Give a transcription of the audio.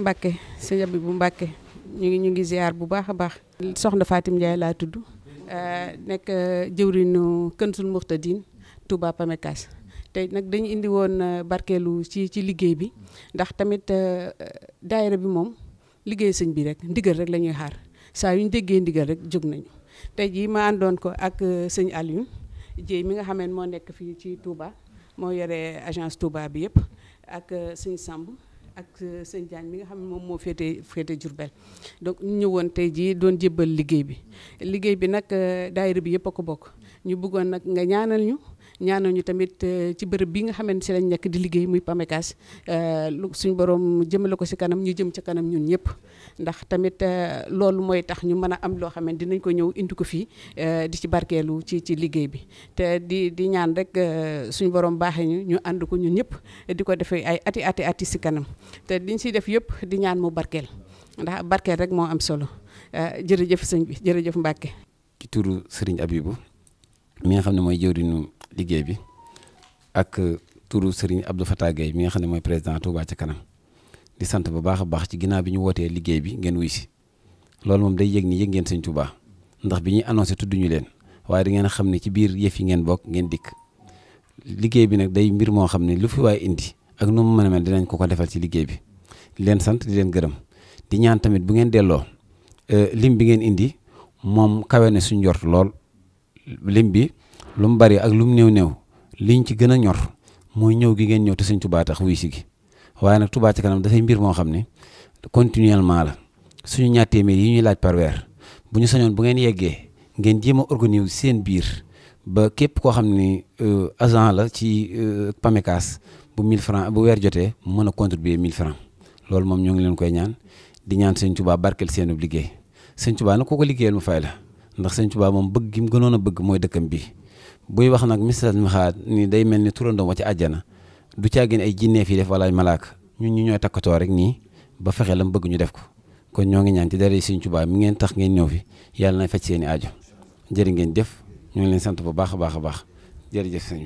Mbacke sëñ bu Mbacke ñu ngi ñu ngi ziar bu baax a baax. soxna Fatim Ndiaye laa tudd euh, nekk euh, jëwriñu Kënsul Muxtadin Touba Pamecas tey nag dañu indi woon euh, barkeelu ci ci liggéey bi ndax tamit daayira bi moom liggéey sëñ bi rek ndigal rek lañuy xaar saa yu ñu déggee ndigal rek jóg nañu. tey jii ma àndoon ko ak sëñ Alioune Dieye mi nga xamee moo nekk fii ci Touba moo yore agence Touba bi yëpp ak sëñ Samb. ak euh, sëñ Diagne bi nga xam ne moom moo féete féete Jurbel donc ñëwoon tey jii doon jébbal liggéey bi liggéey bi nag euh, daayira bi yëpp a ko bokk ñu bëggoon nag nga ñaanal ñu ñaanal ñu tamit euh, ci bërëb bii nga xamante si lañ nekk di liggéey muy PAMECAS euh, lu suñu borom jëmale ko si kanam ñu jëm ci kanam ñun ñëpp ndax tamit euh, loolu mooy tax ñu mën a am loo xam ne dinañ ko ñëw indi ko fii di ci barkeelu ci ci liggéey bi te di di ñaan rek suñu borom baaxee ñu ñu ànd ko ñun ñëpp di ko defee ay ati ati ati si kanam te liñ siy def yëpp di ñaan mu barkeel ndax barkeel rek moo am solo jërëjëf sëñ bi jërëjëf Mbàkke ci turu Serigne Abibou mi nga xam ne mooy jëwriñu liggéey bi ak turu Serigne Abdou Fatah Gueye mi nga xam ne mooy président Touba ci kanam di sant bu baax a baax ci ginnaaw bi ñu wootee liggéey bi ngeen wuy si loolu moom day yëg ni ngeen Sëñ Touba ndax bi ñuy annoncé tudd ñu leen waaye da ngeen xam ne ci biir yëf yi ngeen bokk ngeen dikk liggéey bi nag day mbir moo xam ne lu fi waaye indi ak nu mu mën a dinañ ko ko defal ci liggéey bi di leen sant di leen gërëm di ñaan tamit bu ngeen delloo euh, lim bi ngeen indi moom kawe na suñ jor lool lim bi lu mu bari ak lu mu néew néew liñ ci gën a ñor mooy ñëw gi ngeen ñëw te sëñ Touba tax wuy si gi waaye nag Touba ci kanam dafay mbir moo xam ne continuellement la suñu ñaat téeméer yi ñuy laaj par weer bu ñu sañoon bu ngeen yeggee ngeen jéem a organiser seen biir ba képp koo xam ni euh, agent la ci euh, PAMECAS bu 1000 francs bu weer jotee mën a contribuer 1000 francs loolu moom ñoo ngi leen koy ñaan di ñaan sëñ tubaa barkeel seenub liggéey sëñ Touba nag ku ko liggéeyal la. ndax sëñ Tuubaa moom bëgg gi mu gënoon a bëgg mooy dëkkam bi buy wax nag misal maxaat ni day mel ni turandoom wa ci àjjana du caagin ay jinneef fii def wala malaaka ñun ñu ñooy takkatoo rek nii ba fexe lam bëgg ñu def ko kon ñoo ngi ñaan ci dara sëñ Tuubaa mi ngeen tax ngeen ñëw fi yàlla na fecc seeni ajo jërë ngeen jëf ñu ngi leen sant bu baax a baax a baax jërëjëf sëñ